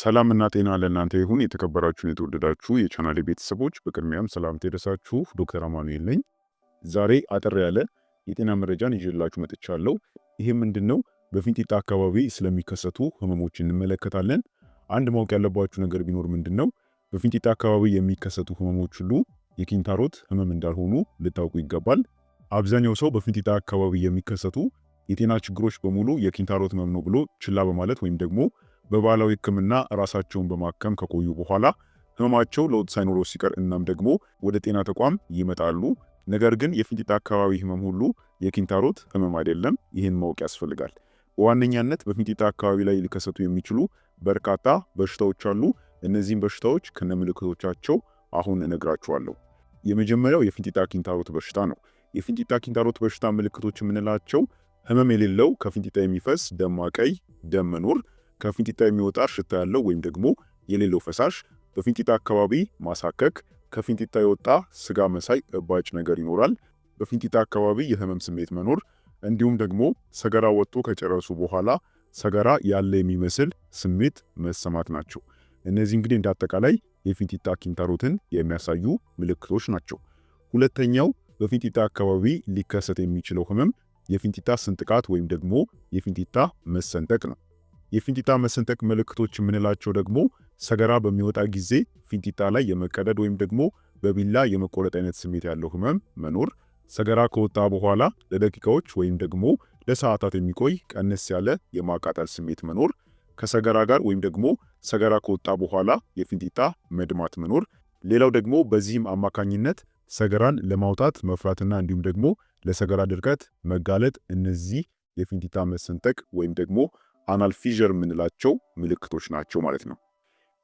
ሰላምና ጤና ለእናንተ ይሁን። የተከበራችሁን የተወደዳችሁ የቻናሌ ቤተሰቦች በቅድሚያም ሰላምታ ይድረሳችሁ። ዶክተር አማኑኤል ነኝ። ዛሬ አጠር ያለ የጤና መረጃን ይዤላችሁ መጥቻለሁ። ይሄ ምንድን ነው? በፊንጢጣ አካባቢ ስለሚከሰቱ ህመሞች እንመለከታለን። አንድ ማወቅ ያለባችሁ ነገር ቢኖር ምንድን ነው፣ በፊንጢጣ አካባቢ የሚከሰቱ ህመሞች ሁሉ የኪንታሮት ህመም እንዳልሆኑ ልታውቁ ይገባል። አብዛኛው ሰው በፊንጢጣ አካባቢ የሚከሰቱ የጤና ችግሮች በሙሉ የኪንታሮት ህመም ነው ብሎ ችላ በማለት ወይም ደግሞ በባህላዊ ህክምና ራሳቸውን በማከም ከቆዩ በኋላ ህመማቸው ለውጥ ሳይኖረው ሲቀር እናም ደግሞ ወደ ጤና ተቋም ይመጣሉ። ነገር ግን የፊንጢጣ አካባቢ ህመም ሁሉ የኪንታሮት ህመም አይደለም። ይህን ማወቅ ያስፈልጋል። በዋነኛነት በፊንጢጣ አካባቢ ላይ ሊከሰቱ የሚችሉ በርካታ በሽታዎች አሉ። እነዚህም በሽታዎች ከነምልክቶቻቸው አሁን እነግራችኋለሁ። የመጀመሪያው የፊንጢጣ ኪንታሮት በሽታ ነው። የፊንጢጣ ኪንታሮት በሽታ ምልክቶች የምንላቸው ህመም የሌለው ከፊንጢጣ የሚፈስ ደማቀይ ደም መኖር ከፊንጢጣ የሚወጣ ሽታ ያለው ወይም ደግሞ የሌለው ፈሳሽ፣ በፊንጢጣ አካባቢ ማሳከክ፣ ከፊንጢጣ የወጣ ስጋ መሳይ እባጭ ነገር ይኖራል፣ በፊንጢጣ አካባቢ የህመም ስሜት መኖር፣ እንዲሁም ደግሞ ሰገራ ወጥቶ ከጨረሱ በኋላ ሰገራ ያለ የሚመስል ስሜት መሰማት ናቸው። እነዚህ እንግዲህ እንደ አጠቃላይ የፊንጢጣ ኪንታሮትን የሚያሳዩ ምልክቶች ናቸው። ሁለተኛው በፊንጢጣ አካባቢ ሊከሰት የሚችለው ህመም የፊንጢጣ ስንጥቃት ወይም ደግሞ የፊንጢጣ መሰንጠቅ ነው። የፊንጢጣ መሰንጠቅ ምልክቶች የምንላቸው ደግሞ ሰገራ በሚወጣ ጊዜ ፊንጢጣ ላይ የመቀደድ ወይም ደግሞ በቢላ የመቆረጥ አይነት ስሜት ያለው ህመም መኖር፣ ሰገራ ከወጣ በኋላ ለደቂቃዎች ወይም ደግሞ ለሰዓታት የሚቆይ ቀነስ ያለ የማቃጠል ስሜት መኖር፣ ከሰገራ ጋር ወይም ደግሞ ሰገራ ከወጣ በኋላ የፊንጢጣ መድማት መኖር። ሌላው ደግሞ በዚህም አማካኝነት ሰገራን ለማውጣት መፍራትና እንዲሁም ደግሞ ለሰገራ ድርቀት መጋለጥ እነዚህ የፊንጢጣ መሰንጠቅ ወይም ደግሞ አናልፊዥር የምንላቸው ምልክቶች ናቸው ማለት ነው።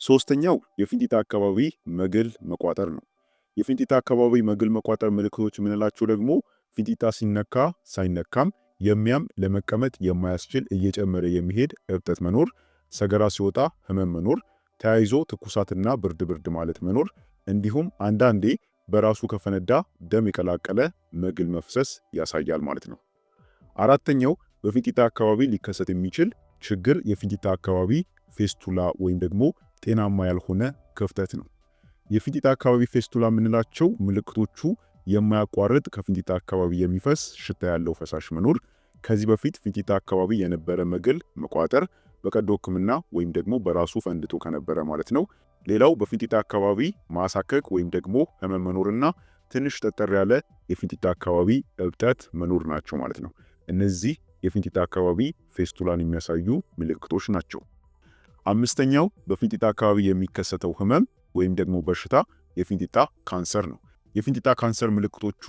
ሶስተኛው የፊንጢጣ አካባቢ መግል መቋጠር ነው። የፊንጢጣ አካባቢ መግል መቋጠር ምልክቶች የምንላቸው ደግሞ ፊንጢጣ ሲነካ ሳይነካም የሚያም ለመቀመጥ የማያስችል እየጨመረ የሚሄድ እብጠት መኖር፣ ሰገራ ሲወጣ ህመም መኖር፣ ተያይዞ ትኩሳትና ብርድ ብርድ ማለት መኖር፣ እንዲሁም አንዳንዴ በራሱ ከፈነዳ ደም የቀላቀለ መግል መፍሰስ ያሳያል ማለት ነው። አራተኛው በፊንጢጣ አካባቢ ሊከሰት የሚችል ችግር የፊንጢጣ አካባቢ ፌስቱላ ወይም ደግሞ ጤናማ ያልሆነ ክፍተት ነው። የፊንጢጣ አካባቢ ፌስቱላ የምንላቸው ምልክቶቹ የማያቋርጥ ከፊንጢጣ አካባቢ የሚፈስ ሽታ ያለው ፈሳሽ መኖር፣ ከዚህ በፊት ፊንጢጣ አካባቢ የነበረ መግል መቋጠር በቀዶ ሕክምና ወይም ደግሞ በራሱ ፈንድቶ ከነበረ ማለት ነው። ሌላው በፊንጢጣ አካባቢ ማሳከክ ወይም ደግሞ ህመም መኖርና ትንሽ ጠጠር ያለ የፊንጢጣ አካባቢ እብጠት መኖር ናቸው ማለት ነው። እነዚህ የፊንጢጣ አካባቢ ፌስቱላን የሚያሳዩ ምልክቶች ናቸው። አምስተኛው በፊንጢጣ አካባቢ የሚከሰተው ህመም ወይም ደግሞ በሽታ የፊንጢጣ ካንሰር ነው። የፊንጢጣ ካንሰር ምልክቶቹ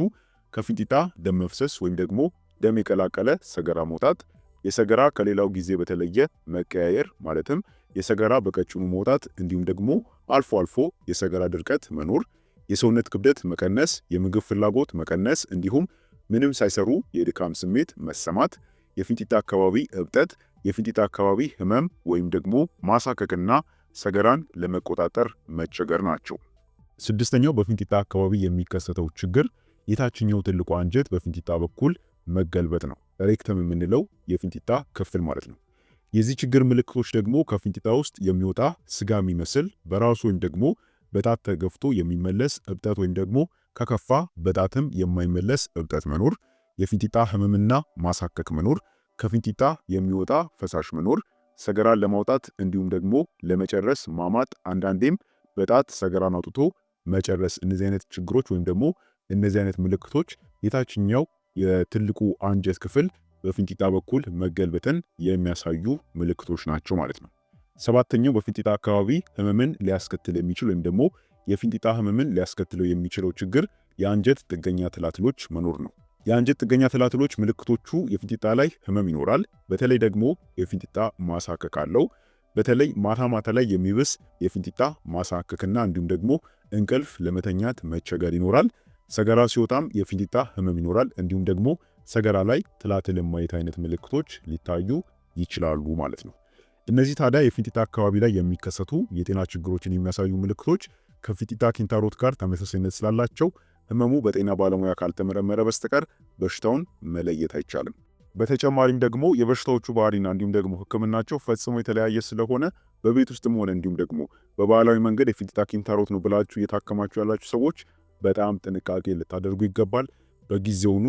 ከፊንጢጣ ደም መፍሰስ ወይም ደግሞ ደም የቀላቀለ ሰገራ መውጣት፣ የሰገራ ከሌላው ጊዜ በተለየ መቀያየር ማለትም የሰገራ በቀጭኑ መውጣት እንዲሁም ደግሞ አልፎ አልፎ የሰገራ ድርቀት መኖር፣ የሰውነት ክብደት መቀነስ፣ የምግብ ፍላጎት መቀነስ እንዲሁም ምንም ሳይሰሩ የድካም ስሜት መሰማት የፊንጢጣ አካባቢ እብጠት፣ የፊንጢጣ አካባቢ ህመም ወይም ደግሞ ማሳከክና ሰገራን ለመቆጣጠር መቸገር ናቸው። ስድስተኛው በፊንጢጣ አካባቢ የሚከሰተው ችግር የታችኛው ትልቁ አንጀት በፊንጢጣ በኩል መገልበጥ ነው። ሬክተም የምንለው የፊንጢጣ ክፍል ማለት ነው። የዚህ ችግር ምልክቶች ደግሞ ከፊንጢጣ ውስጥ የሚወጣ ስጋ የሚመስል በራሱ ወይም ደግሞ በጣት ተገፍቶ የሚመለስ እብጠት ወይም ደግሞ ከከፋ በጣትም የማይመለስ እብጠት መኖር የፊንጢጣ ህመምና ማሳከክ መኖር፣ ከፊንጢጣ የሚወጣ ፈሳሽ መኖር፣ ሰገራን ለማውጣት እንዲሁም ደግሞ ለመጨረስ ማማጥ፣ አንዳንዴም በጣት ሰገራን አውጥቶ መጨረስ። እነዚህ አይነት ችግሮች ወይም ደግሞ እነዚህ አይነት ምልክቶች የታችኛው የትልቁ አንጀት ክፍል በፊንጢጣ በኩል መገልበጥን የሚያሳዩ ምልክቶች ናቸው ማለት ነው። ሰባተኛው በፊንጢጣ አካባቢ ህመምን ሊያስከትል የሚችል ወይም ደግሞ የፊንጢጣ ህመምን ሊያስከትለው የሚችለው ችግር የአንጀት ጥገኛ ትላትሎች መኖር ነው። የአንጀት ጥገኛ ትላትሎች ምልክቶቹ የፊንጢጣ ላይ ህመም ይኖራል። በተለይ ደግሞ የፊንጢጣ ማሳከክ አለው። በተለይ ማታ ማታ ላይ የሚብስ የፊንጢጣ ማሳከክና እንዲሁም ደግሞ እንቅልፍ ለመተኛት መቸገር ይኖራል። ሰገራ ሲወጣም የፊንጢጣ ህመም ይኖራል። እንዲሁም ደግሞ ሰገራ ላይ ትላትል ማየት አይነት ምልክቶች ሊታዩ ይችላሉ ማለት ነው። እነዚህ ታዲያ የፊንጢጣ አካባቢ ላይ የሚከሰቱ የጤና ችግሮችን የሚያሳዩ ምልክቶች ከፊንጢጣ ኪንታሮት ጋር ተመሳሳይነት ስላላቸው ህመሙ በጤና ባለሙያ ካልተመረመረ በስተቀር በሽታውን መለየት አይቻልም። በተጨማሪም ደግሞ የበሽታዎቹ ባህሪና እንዲሁም ደግሞ ህክምናቸው ፈጽሞ የተለያየ ስለሆነ በቤት ውስጥም ሆነ እንዲሁም ደግሞ በባህላዊ መንገድ የፊንጢጣ ኪንታሮት ነው ብላችሁ እየታከማችሁ ያላችሁ ሰዎች በጣም ጥንቃቄ ልታደርጉ ይገባል። በጊዜውኑ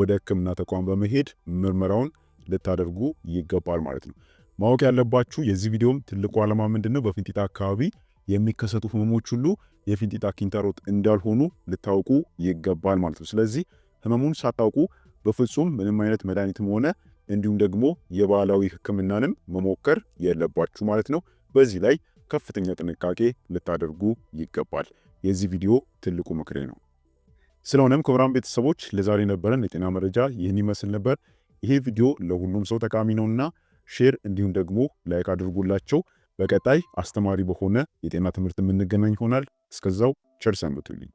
ወደ ህክምና ተቋም በመሄድ ምርመራውን ልታደርጉ ይገባል ማለት ነው። ማወቅ ያለባችሁ የዚህ ቪዲዮም ትልቁ ዓላማ ምንድን ነው በፊንጢጣ አካባቢ የሚከሰቱ ህመሞች ሁሉ የፊንጢጣ ኪንታሮት እንዳልሆኑ ልታውቁ ይገባል ማለት ነው። ስለዚህ ህመሙን ሳታውቁ በፍጹም ምንም አይነት መድኃኒትም ሆነ እንዲሁም ደግሞ የባህላዊ ህክምናንም መሞከር የለባችሁ ማለት ነው። በዚህ ላይ ከፍተኛ ጥንቃቄ ልታደርጉ ይገባል። የዚህ ቪዲዮ ትልቁ ምክሬ ነው። ስለሆነም ክቡራን ቤተሰቦች ለዛሬ ነበረን የጤና መረጃ ይህን ይመስል ነበር። ይሄ ቪዲዮ ለሁሉም ሰው ጠቃሚ ነውና ሼር እንዲሁም ደግሞ ላይክ አድርጉላቸው። በቀጣይ አስተማሪ በሆነ የጤና ትምህርት የምንገናኝ ይሆናል። እስከዛው ቸር ሰንብቱልኝ።